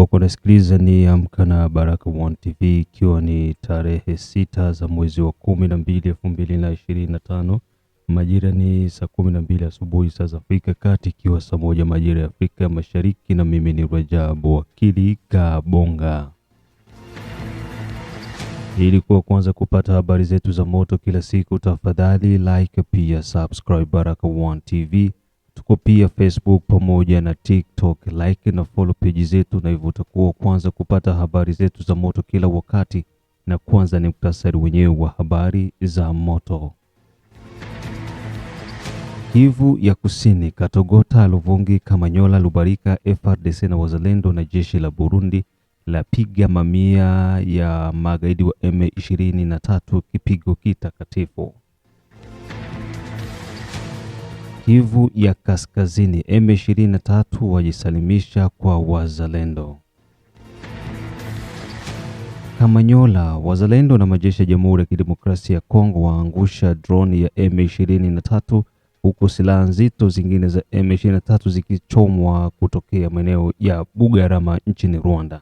ambako unasikiliza ni Amka na Baraka One TV, ikiwa ni tarehe sita za mwezi wa kumi na mbili elfu mbili na ishirini na tano majira ni saa kumi na mbili asubuhi saa za Afrika Kati, ikiwa saa moja majira ya Afrika Mashariki, na mimi ni Rajabu Wakili Kabonga. Ili kuwa kwanza kupata habari zetu za moto kila siku, tafadhali like, pia subscribe Baraka One TV Tuko pia Facebook pamoja na TikTok. Like na follow page zetu, na hivyo utakuwa kwanza kupata habari zetu za moto kila wakati, na kwanza ni muktasari wenyewe wa habari za moto. Kivu ya Kusini, Katogota, Luvungi, Kamanyola, Lubarika, frdc na wazalendo na jeshi la Burundi lapiga mamia ya magaidi wa M23 kipigo kitakatifu. Kivu ya Kaskazini, M23 wajisalimisha kwa wazalendo. Kamanyola, wazalendo na majeshi ya Jamhuri ya Kidemokrasia ya Kongo waangusha droni ya M23 huku silaha nzito zingine za M23 zikichomwa kutokea maeneo ya Bugarama nchini Rwanda.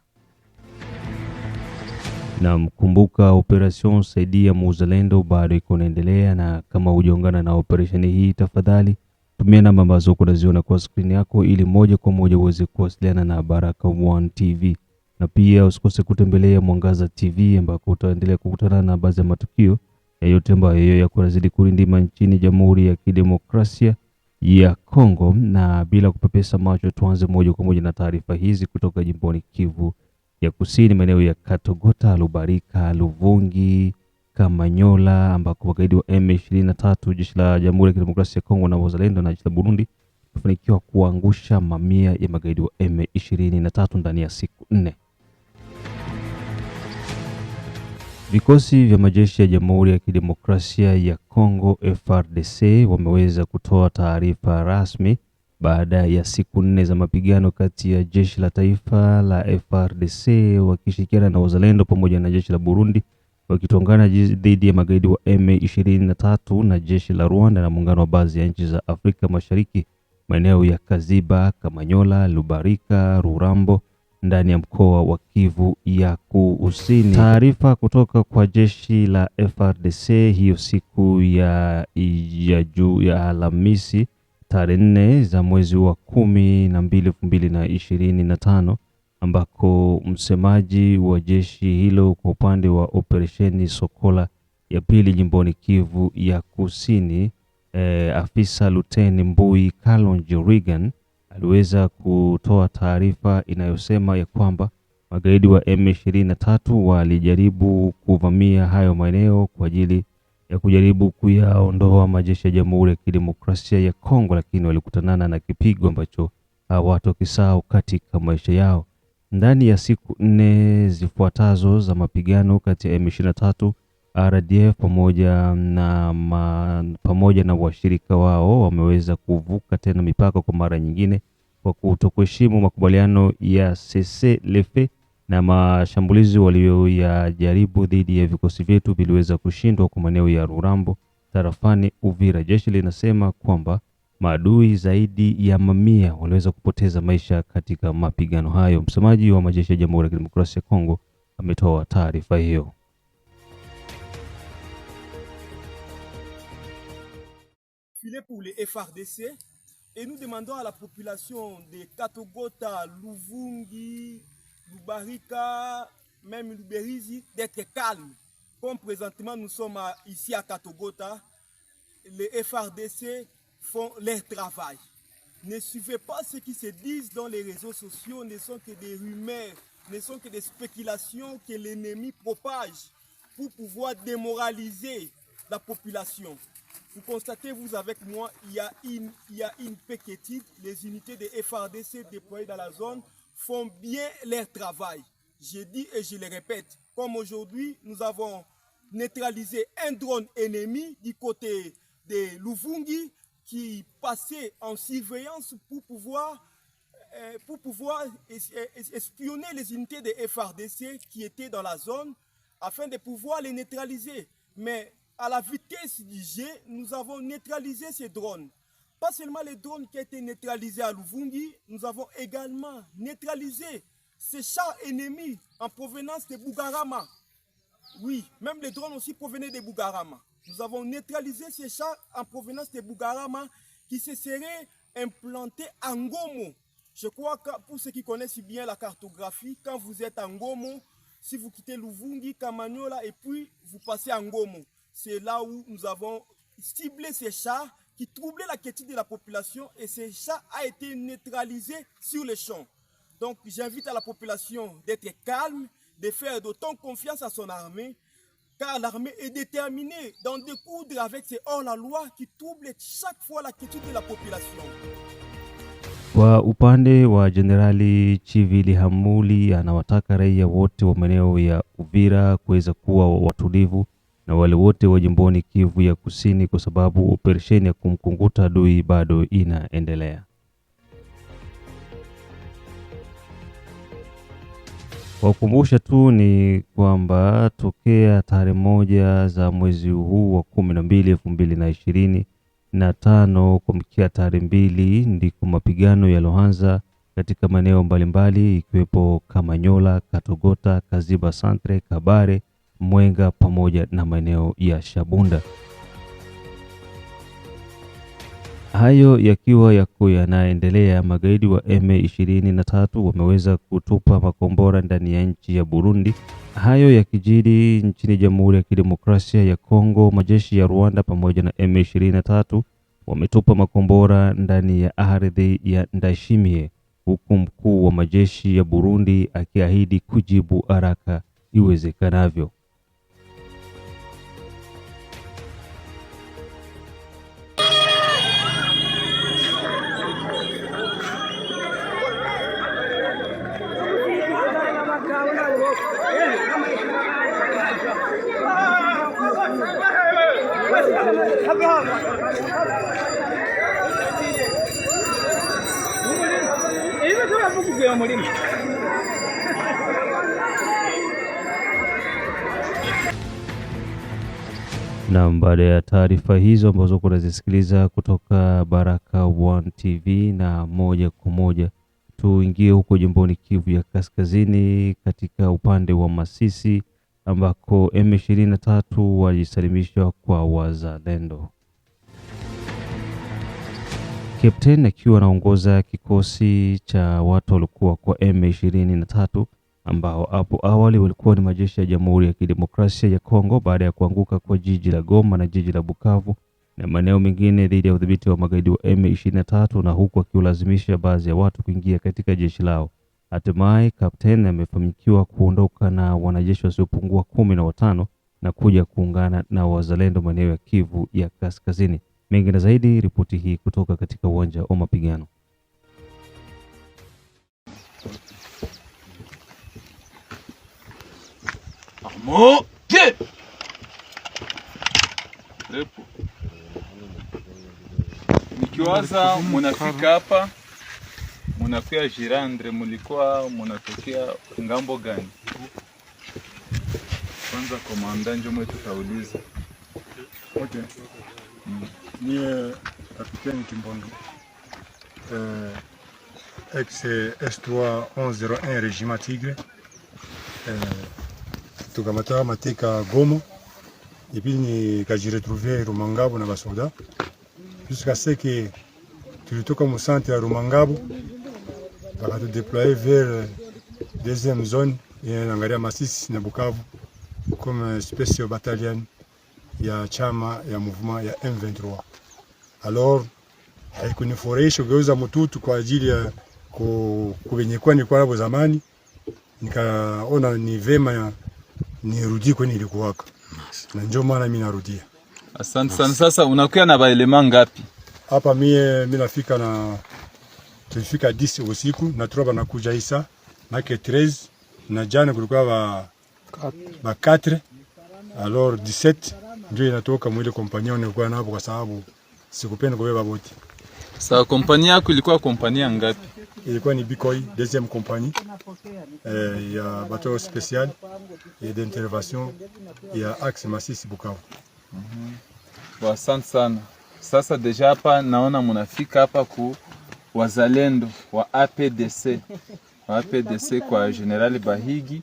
Na mkumbuka, operation saidia muzalendo bado iko inaendelea, na kama hujaungana na operesheni hii, tafadhali Tumia namba ambazo unaziona kwa skrini yako ili moja kwa moja uweze kuwasiliana na baraka One TV, na pia usikose kutembelea Mwangaza TV ambako utaendelea kukutana na baadhi ya matukio yote ambayo yako yanazidi kurindima nchini Jamhuri ya Kidemokrasia ya Kongo. Na bila kupepesa macho, tuanze moja kwa moja na taarifa hizi kutoka jimboni Kivu ya Kusini, maeneo ya Katogota, Lubarika, Luvungi Kamanyola ambako magaidi wa M23 jeshi la Jamhuri ya Kidemokrasia ya Kongo na wazalendo na jeshi la Burundi kufanikiwa kuangusha mamia ya magaidi wa M23 ndani ya siku nne. Vikosi vya majeshi ya Jamhuri ya Kidemokrasia ya Kongo frdc wameweza kutoa taarifa rasmi baada ya siku nne za mapigano kati ya jeshi la taifa la frdc wakishirikiana na wazalendo pamoja na jeshi la Burundi wakitongana dhidi ya magaidi wa M23 na jeshi la Rwanda na muungano wa baadhi ya nchi za Afrika Mashariki maeneo ya Kaziba, Kamanyola, Lubarika, Rurambo ndani ya mkoa wa Kivu ya Kusini. Taarifa kutoka kwa jeshi la frdc hiyo siku ya, ya juu ya Alhamisi tarehe nne za mwezi wa kumi na mbili elfu mbili na ishirini na tano ambako msemaji wa jeshi hilo kwa upande wa operesheni Sokola ya pili jimboni Kivu ya Kusini eh, afisa luteni Mbui Kalonji regan aliweza kutoa taarifa inayosema ya kwamba magaidi wa M23 walijaribu kuvamia hayo maeneo kwa ajili ya kujaribu kuyaondoa majeshi ya Jamhuri ya Kidemokrasia ya Kongo, lakini walikutanana na kipigo ambacho hawatakisahau katika maisha yao. Ndani ya siku nne zifuatazo za mapigano kati ya M23, RDF pamoja na, ma, pamoja na washirika wao wameweza kuvuka tena mipaka kwa mara nyingine kwa kutokuheshimu makubaliano ya cessez-le-feu na mashambulizi walioyajaribu dhidi ya vikosi vyetu viliweza kushindwa kwa maeneo ya Rurambo tarafani Uvira. Jeshi linasema kwamba maadui zaidi ya mamia waliweza kupoteza maisha katika mapigano hayo. Msemaji wa majeshi ya Jamhuri ya Kidemokrasia ya Kongo ametoa taarifa hiyo. et nous demandons à la population de Katogota, Luvungi, Lubarika, même Luberizi d'être calme. Comme présentement nous sommes ici à Katogota, le FRDC font leur travail. Ne suivez pas ce qui se disent dans les réseaux sociaux, ne sont que des rumeurs, ne sont que des spéculations que l'ennemi propage pour pouvoir démoraliser la population. Vous constatez, vous avec moi, il y a une, il y a une Les unités de FRDC déployées dans la zone font bien leur travail. J'ai dit et je le répète, comme aujourd'hui, nous avons neutralisé un drone ennemi du côté de Louvungi qui passaient en surveillance pour pouvoir, euh, pour pouvoir espionner les unités de FRDC qui étaient dans la zone afin de pouvoir les neutraliser. Mais à la vitesse du jet, nous avons neutralisé ces drones. Pas seulement les drones qui étaient été neutralisés à Louvungi nous avons également neutralisé ces chars ennemis en provenance de Bougarama. Oui, même les drones aussi provenaient de Bougarama. Nous avons neutralisé ces chats en provenance de Bougarama qui se seraient implantés à Ngomo. Je crois que pour ceux qui connaissent bien la cartographie, quand vous êtes à Ngomo, si vous quittez Louvungi Kamaniola et puis vous passez à Ngomo, c'est là où nous avons ciblé ces chats qui troublaient la quiétude de la population et ces chats a été neutralisé sur les champs. Donc j'invite à la population d'être calme, de faire d'autant confiance à son armée car l'armée est déterminée d'en découdre avec ces hors-la-loi qui troublent chaque fois la quiétude de la population. Kwa upande wa Jenerali Chivili Hamuli, anawataka raia wote wa maeneo ya Uvira kuweza kuwa watulivu na wale wote wa jimboni Kivu ya Kusini kwa sababu operesheni ya kumkunguta adui bado inaendelea. Wakumbusha tu ni kwamba tokea tarehe moja za mwezi huu wa kumi na mbili elfu mbili na ishirini na tano kuamkia tarehe mbili ndiko mapigano yaloanza katika maeneo mbalimbali ikiwepo Kamanyola, Katogota, Kaziba Santre, Kabare, Mwenga pamoja na maeneo ya Shabunda. Hayo yakiwa yako yanaendelea, magaidi wa M23 wameweza kutupa makombora ndani ya nchi ya Burundi. Hayo yakijiri nchini Jamhuri ya Kidemokrasia ya Kongo, majeshi ya Rwanda pamoja na M23 wametupa makombora ndani ya ardhi ya Ndashimie, huku mkuu wa majeshi ya Burundi akiahidi kujibu haraka iwezekanavyo. Na baada ya taarifa hizo ambazo kunazisikiliza kutoka Baraka One TV, na moja kwa moja tuingie huko jimboni Kivu ya Kaskazini, katika upande wa Masisi ambako M23 walisalimishwa kwa wazalendo. Kapteni akiwa anaongoza kikosi cha watu waliokuwa kwa M23 ambao hapo awali walikuwa ni majeshi ya Jamhuri ya Kidemokrasia ya Kongo baada ya kuanguka kwa jiji la Goma na jiji la Bukavu na maeneo mengine dhidi ya udhibiti wa magaidi wa M23 na huku akiulazimisha baadhi ya watu kuingia katika jeshi lao. Hatimaye kapteni amefanikiwa kuondoka na wanajeshi wasiopungua kumi na watano na kuja kuungana na wazalendo maeneo ya Kivu ya Kaskazini. Mengi na zaidi, ripoti hii kutoka katika uwanja wa mapigano. Mon Nikiwaza munafika hapa munakuya Girandre, mulikuwa munatokea ngambo gani? Kwanza komanda njo mwe tutauliza. Okay. Mm. Niye kapiteni Kimbondo ex S3 1101 régiment Tigre tukamata amateka Goma epi nikajiretrouve Rumangabo na basoda jusqu'à ce que tulitoka mu centre ya Rumangabo bakatudeploye vers euh, deuxième zone inaangalia eh, Masisi na Bukavu comme special battalion ya chama ya mouvement ya M23. Alors haikunifurahisha kugeuza mututu kwa ajili ya kuvenyekwa nilikuwa nabo zamani, nikaona ni vema nirudi kwenye ilikuwaka na njo maana mimi narudia. Asante sana. Sasa unakuwa na baelema ngapi hapa? Mie mimi nafika na tulifika 10 usiku na troba kuja isa make 13 na jana kulikuwa ba ba 4 alors 17 ndio inatoka mwile kompania nilikuwa napo, kwa sababu sikupenda kubeba boti. Sawa, kompania yako ilikuwa kompania ngapi? ilikuwa ni Bikoi deuxième compagnie eh, ya bateau special et d'intervention ya axe Masisi Bukavu. mm -hmm. Asante sana. Sasa deja hapa naona munafika hapa ku wazalendo wa APDC wa APDC kwa General Bahigi,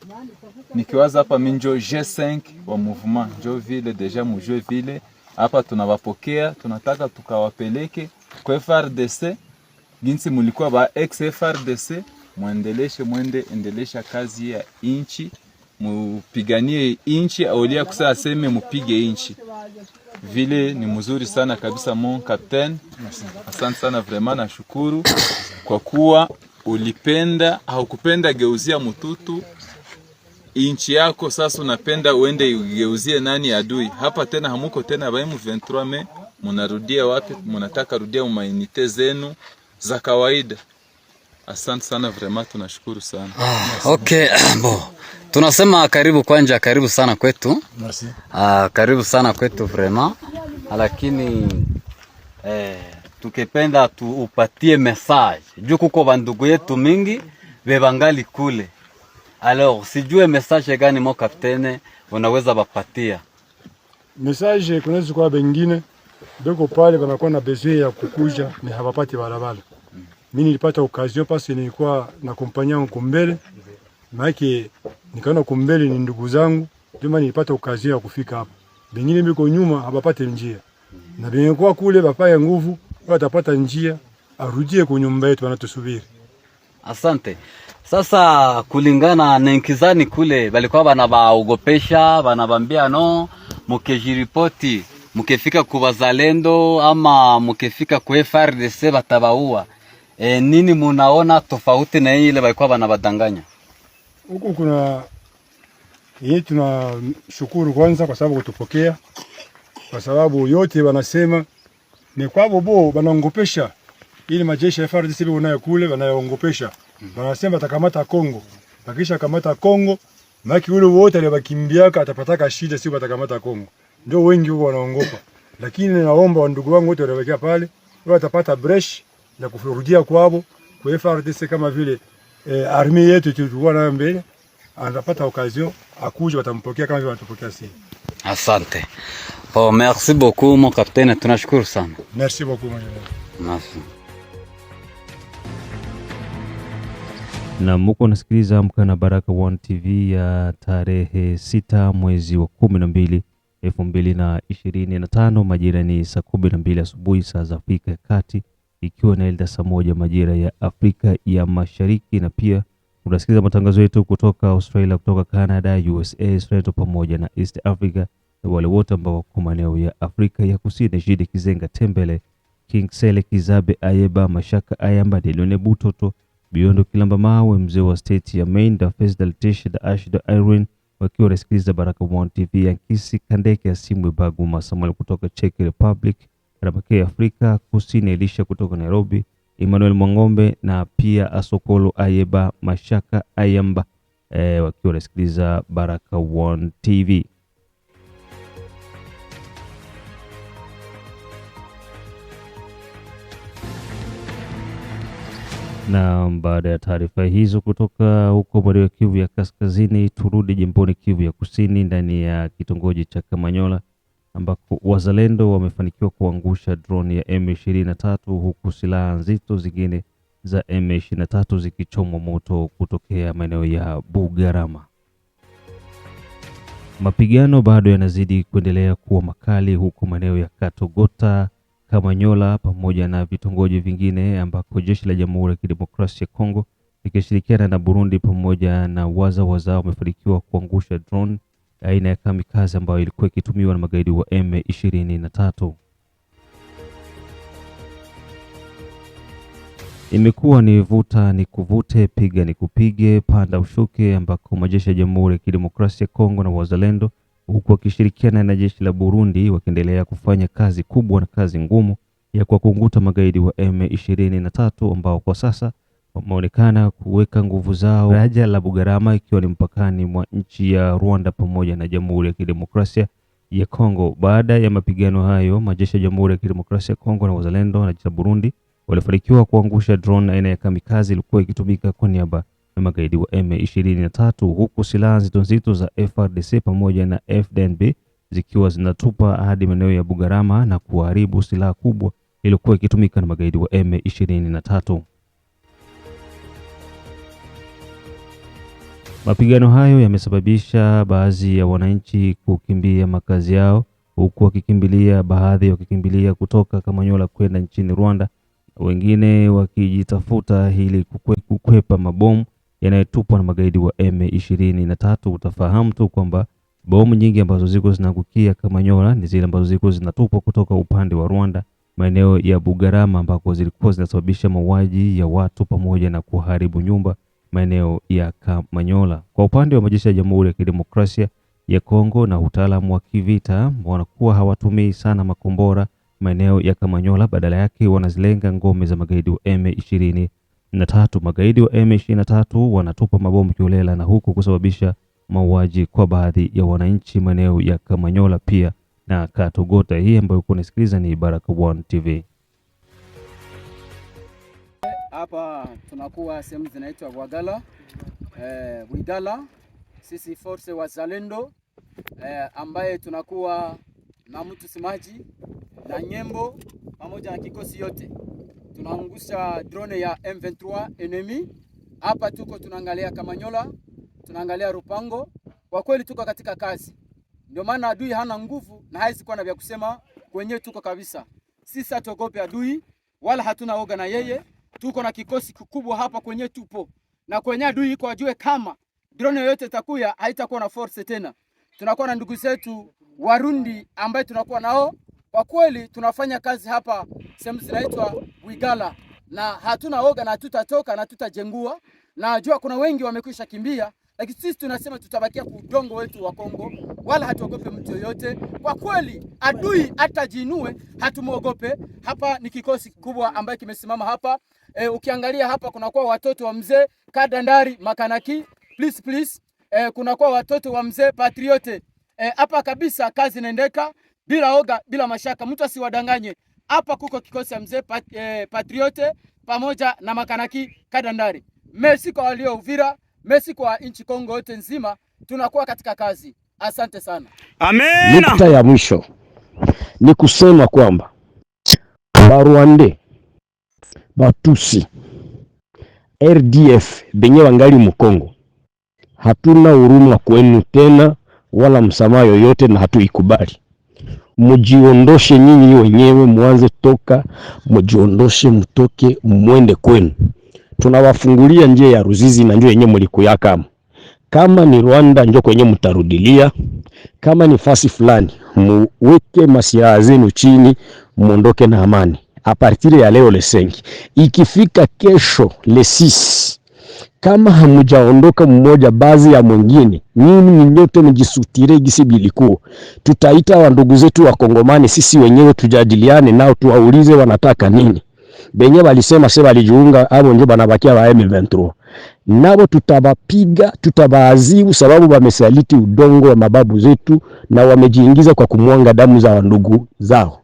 nikiwaza hapa minjo G5 wa mouvement njo vile deja mujue vile hapa tunawapokea, tunataka tukawapeleke kwa FRDC Ginsi mulikuwa ba XFRDC, frdc mwendeleshe mwende endelesha kazi ya inchi, mupiganie inchi aulia kusa aseme mupige inchi vile ni mzuri sana kabisa. Mon captain, asante sana vraiment, nashukuru kwa kuwa ulipenda au kupenda geuzia mututu inchi yako. Sasa unapenda uende ugeuzie nani adui hapa tena? Hamuko tena ba M23 me munarudia wapi? Munataka rudia umainite zenu za kawaida. Asante sana vrema, tunashukuru sana ah, okay. Bo tunasema karibu kwanja, karibu sana kwetu ah, karibu sana kwetu vrema, ah, lakini eh, tukipenda upatie message juu kuko bandugu yetu mingi bebangali kule. Alors sijue message gani mo kaptene unaweza bapatia message? Kunaweza kwa bengine beko pale banakuwa na besoin ya kukuja ni hawapati barabara mimi nilipata occasion parce nilikuwa na kompanya yangu kumbele, maana nikaona kumbele ni ndugu zangu, ndio maana nilipata occasion ya kufika hapa. Bengine biko nyuma habapate njia, na benye kule bapaye nguvu watapata njia, arudie kwa nyumba yetu anatusubiri. Asante. Sasa kulingana na nkizani kule balikuwa bana bambia no, mukejiripoti mukefika kubazalendo ama mukefika ku FRDC batabaua E, nini munaona tofauti na ile walikuwa wanabadanganya huko? Kuna yeye, tunashukuru kwanza kwa sababu kutupokea, kwa sababu yote wanasema ni kwa bobo wanaongopesha ili majeshi ya FARDC unayo kule wanayoongopesha, wanasema atakamata Kongo, akisha kamata Kongo maki ule wote alibakimbiaka atapataka shida, sio atakamata Kongo. Ndio wengi huko wanaongopa, lakini naomba wandugu wangu wote walibakia pale wao watapata bresh na kufurudia kwao kwa FRDC kama vile e, eh, army yetu tulikuwa nayo mbele, anapata occasion akuje, watampokea kama vile watapokea sisi. Asante. Oh, merci beaucoup mon capitaine, tunashukuru sana. Merci beaucoup mon merci. Na muko nasikiliza Amka na Baraka One TV ya tarehe sita mwezi wa kumi na mbili elfu mbili na ishirini na tano majira ni saa kumi na mbili asubuhi saa za Afrika ya Kati ikiwa inaelekea saa moja majira ya Afrika ya Mashariki, na pia unasikiliza matangazo yetu kutoka Australia, kutoka Canada, USA, Australia pamoja na East Africa na wale wote ambao wako maeneo ya Afrika ya Kusini, Shidi Kizenga, Tembele King Sele, Kizabe Ayeba, Mashaka Ayamba, Delone, Butoto, Biondo Kilamba Mawe, mzee wa state ya Maine, da Fesdal Tish, da Ash, da Irene wakiwa wanasikiliza Baraka One TV, Yankisi Kandeke, Asimwe Baguma, Samuel kutoka Czech Republic Karapakea Afrika Kusini Elisha kutoka Nairobi, Emmanuel Mwang'ombe na pia Asokolo Ayeba Mashaka Ayamba e, wakiwa wanasikiliza Baraka One TV. Na baada ya taarifa hizo kutoka huko maeneo ya Kivu ya Kaskazini, turudi jimboni Kivu ya Kusini ndani ya kitongoji cha Kamanyola ambako wazalendo wamefanikiwa kuangusha droni ya M23 huku silaha nzito zingine za M23 zikichomwa moto kutokea maeneo ya Bugarama. Mapigano bado yanazidi kuendelea kuwa makali huku maeneo ya Katogota, Kamanyola pamoja na vitongoji vingine ambako jeshi la Jamhuri ya Kidemokrasia ya Kongo likishirikiana na Burundi pamoja na wazawaza wamefanikiwa kuangusha drone aina ya kamikaze ambayo ilikuwa ikitumiwa na magaidi wa M23. Imekuwa ni vuta ni kuvute, piga ni kupige, panda ushuke, ambako majeshi ya Jamhuri ya Kidemokrasia ya Kongo na Wazalendo huku wakishirikiana na jeshi la Burundi wakiendelea kufanya kazi kubwa na kazi ngumu ya kuwakunguta magaidi wa M23 ambao kwa sasa wameonekana kuweka nguvu zao. Daraja la Bugarama ikiwa ni mpakani mwa nchi ya Rwanda pamoja na Jamhuri ya Kidemokrasia ya Kongo. Baada ya mapigano hayo, majeshi ya Jamhuri ya Kidemokrasia ya Kongo na Wazalendo na cha Burundi walifanikiwa kuangusha drone aina ya kamikazi ilikuwa ikitumika kwa niaba na magaidi wa M23, huku silaha nzito nzito za frdc pamoja na FDNB zikiwa zinatupa hadi maeneo ya Bugarama na kuharibu silaha kubwa iliyokuwa ikitumika na magaidi wa M23. Mapigano hayo yamesababisha baadhi ya wananchi kukimbia makazi yao, huku wakikimbilia, baadhi wakikimbilia kutoka Kamanyola kwenda nchini Rwanda, wengine wakijitafuta ili kukwepa mabomu yanayotupwa na magaidi wa M23. Utafahamu tu kwamba bomu nyingi ambazo ziko zinaangukia Kamanyola ni zile ambazo ziko zinatupwa kutoka upande wa Rwanda, maeneo ya Bugarama ambako zilikuwa zinasababisha mauaji ya watu pamoja na kuharibu nyumba maeneo ya Kamanyola. Kwa upande wa majeshi ya Jamhuri ya Kidemokrasia ya Kongo na utaalamu wa kivita wanakuwa hawatumii sana makombora maeneo ya Kamanyola, badala yake wanazilenga ngome za magaidi wa M23. Magaidi wa M23 wanatupa mabomu kiolela na huku kusababisha mauaji kwa baadhi ya wananchi maeneo ya Kamanyola pia na Katogota. Hii ambayo uko unasikiliza ni Baraka One TV hapa tunakuwa sehemu zinaitwa Wagala eh, Widala, Sisi force wazalendo eh, ambaye tunakuwa na mtu simaji na nyembo pamoja na kikosi yote, tunaangusha drone ya M23 enemy. Hapa tuko tunaangalia Kamanyola, tunaangalia Rupango. Kwa kweli tuko katika kazi, ndio maana adui hana nguvu na hawezi kuwa na vya kusema. Kwenyewe tuko kabisa, sisi hatuogopi adui wala hatuna oga na yeye. Tuko na kikosi kikubwa hapa kwenye tupo na kwenye adui iko, ajue kama drone yoyote itakuya haitakuwa na force tena. Tunakuwa na ndugu zetu Warundi ambaye tunakuwa nao kwa kweli, tunafanya kazi hapa sehemu zinaitwa Wigala na hatuna oga na hatutatoka na tutajengua, na najua kuna wengi wamekwisha kimbia lakini sisi tunasema tutabakia kwa udongo wetu wa Kongo, wala hatuogope mtu yoyote. Kwa kweli adui hata jinue, hatumuogope. Hapa ni kikosi kikubwa ambaye kimesimama hapa. E, ukiangalia hapa kuna kwa watoto wa mzee Kadandari Makanaki, please please. E, eh, kuna kwa watoto wa mzee Patriote eh, hapa. E, kabisa kazi inaendeka bila oga, bila mashaka, mtu asiwadanganye hapa. Kuko kikosi ya mzee Pat, e, Patriote pamoja na Makanaki Kadandari. Mesi kwa walio Uvira. Messi kwa nchi Kongo yote nzima, tunakuwa katika kazi. Asante sana. Amina. Nukta ya mwisho ni kusema kwamba Barwande, Batusi, RDF benye wangali Mkongo, hatuna huruma kwenu tena wala msamaha yoyote, na hatuikubali. Mujiondoshe nyinyi wenyewe, mwanze toka, mujiondoshe, mtoke, mwende kwenu tunawafungulia njia ya Ruzizi na njoo yenye mulikuyakamo. Kama ni Rwanda njoo kwenye mtarudilia, kama ni fasi fulani muweke masilaha zenu chini, muondoke na amani. partir ya leo lesenki, ikifika kesho lesisi, kama hamujaondoka mmoja baadhi ya mwingine, nyinyi nyote mjisutire gisi bilikuwa. Tutaita wandugu zetu Wakongomani sisi wenyewe, tujadiliane nao, tuwaulize wanataka nini benye balisema se balijiunga, abo ndio banabakia ba M23, nabo tutabapiga, tutabaazibu sababu wamesaliti udongo wa mababu zetu na wamejiingiza kwa kumwanga damu za wandugu zao.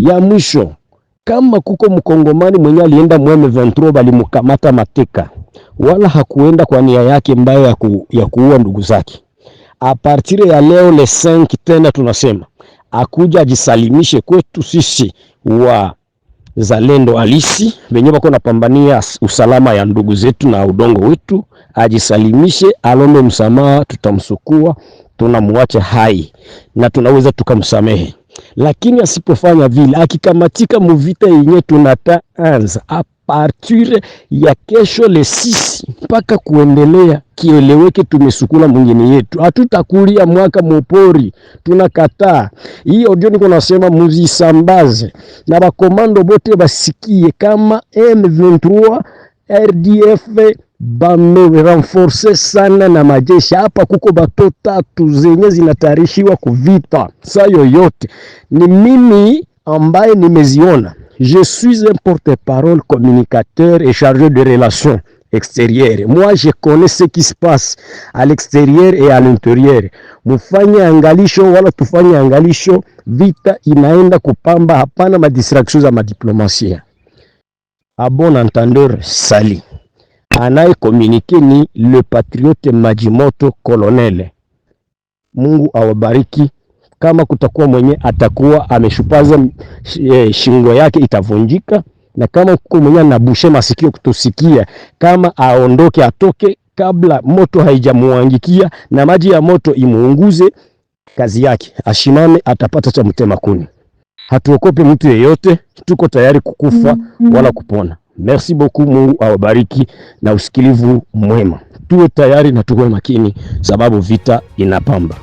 Ya mwisho, kama kuko mkongomani mwenye alienda mu M23 balimkamata mateka, wala hakuenda kwa nia yake mbaya ya, ku, ya kuua ndugu zake, a partir ya leo le 5 tena tunasema akuja ajisalimishe kwetu sisi wa zalendo halisi venye wako napambania usalama ya ndugu zetu na udongo wetu, ajisalimishe, alombe msamaha, tutamsukua, tunamwacha hai na tunaweza tukamsamehe. Lakini asipofanya vile, akikamatika muvita yenye tunataanza partir ya kesho lesisi mpaka kuendelea, kieleweke, tumesukula mwingine yetu, hatutakulia mwaka mopori, tunakataa hii audio. Niko nasema muzisambaze na bakomando bote basikie kama M23 RDF bamerenforce sana na majeshi hapa. Kuko bato tatu zenye zinatayarishiwa kuvita saa yoyote, ni mimi ambaye nimeziona je suis un porte-parole communicateur et chargé de relations extérieures. Moi, je connais ce qui se passe à l'extérieur et à l'intérieur. Mufanye angalisho wala tufanye angalisho, vita inaenda kupamba, hapana madistraction za diplomatie. A bon entendeur, sali communiquer ni le patriote Majimoto, colonel. Mungu awabariki. kama kutakuwa mwenye atakuwa ameshupaza eh, shingo yake itavunjika, na kama kuko mwenye anabushe masikio kutusikia, kama aondoke atoke kabla moto haijamuangikia na maji ya moto imuunguze. Kazi yake ashimame, atapata cha mtema kuni. Hatuokopi mtu yeyote, tuko tayari kukufa mm-hmm. wala kupona. Merci beaucoup, Mungu awabariki na usikilivu mwema. Tuwe tayari na tuwe makini, sababu vita inapamba.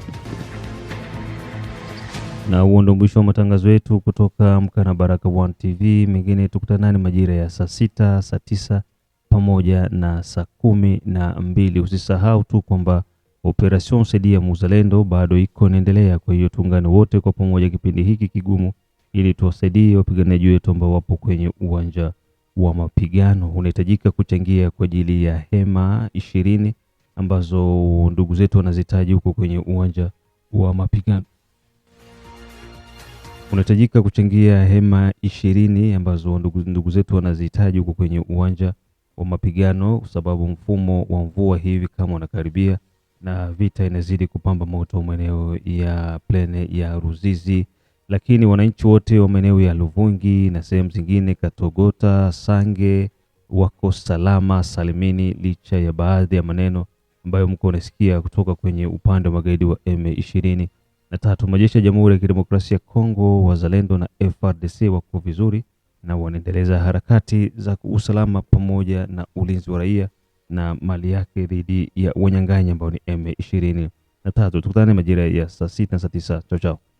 Na huo ndio mwisho wa matangazo yetu kutoka Mkana Baraka One TV. Mengine tukutanani majira ya saa sita, saa tisa pamoja na saa kumi na mbili. Usisahau tu kwamba Operation Saidia Muzalendo bado iko inaendelea, kwa hiyo tuungane wote kwa pamoja kipindi hiki kigumu, ili tuwasaidie wapiganaji wetu ambao wapo kwenye uwanja wa mapigano. Unahitajika kuchangia kwa ajili ya hema ishirini ambazo ndugu zetu wanazitaji huko kwenye uwanja wa mapigano unahitajika kuchangia hema ishirini ambazo ndugu, ndugu zetu wanazihitaji huko kwenye uwanja wa mapigano, kwa sababu mfumo wa mvua hivi kama unakaribia na vita inazidi kupamba moto maeneo ya plene ya Ruzizi, lakini wananchi wote wa maeneo ya Luvungi na sehemu zingine Katogota, Sange wako salama salimini, licha ya baadhi ya maneno ambayo mko unasikia kutoka kwenye upande wa magaidi wa M ishirini. Na tatu, majeshi ya Jamhuri ya Kidemokrasia ya Kongo, Wazalendo na frdc wako vizuri na wanaendeleza harakati za usalama pamoja na ulinzi wa raia na mali yake dhidi ya wanyang'anyi ambao ni M ishirini na tatu. Tukutane majira ya saa sita na saa tisa. Chao chao.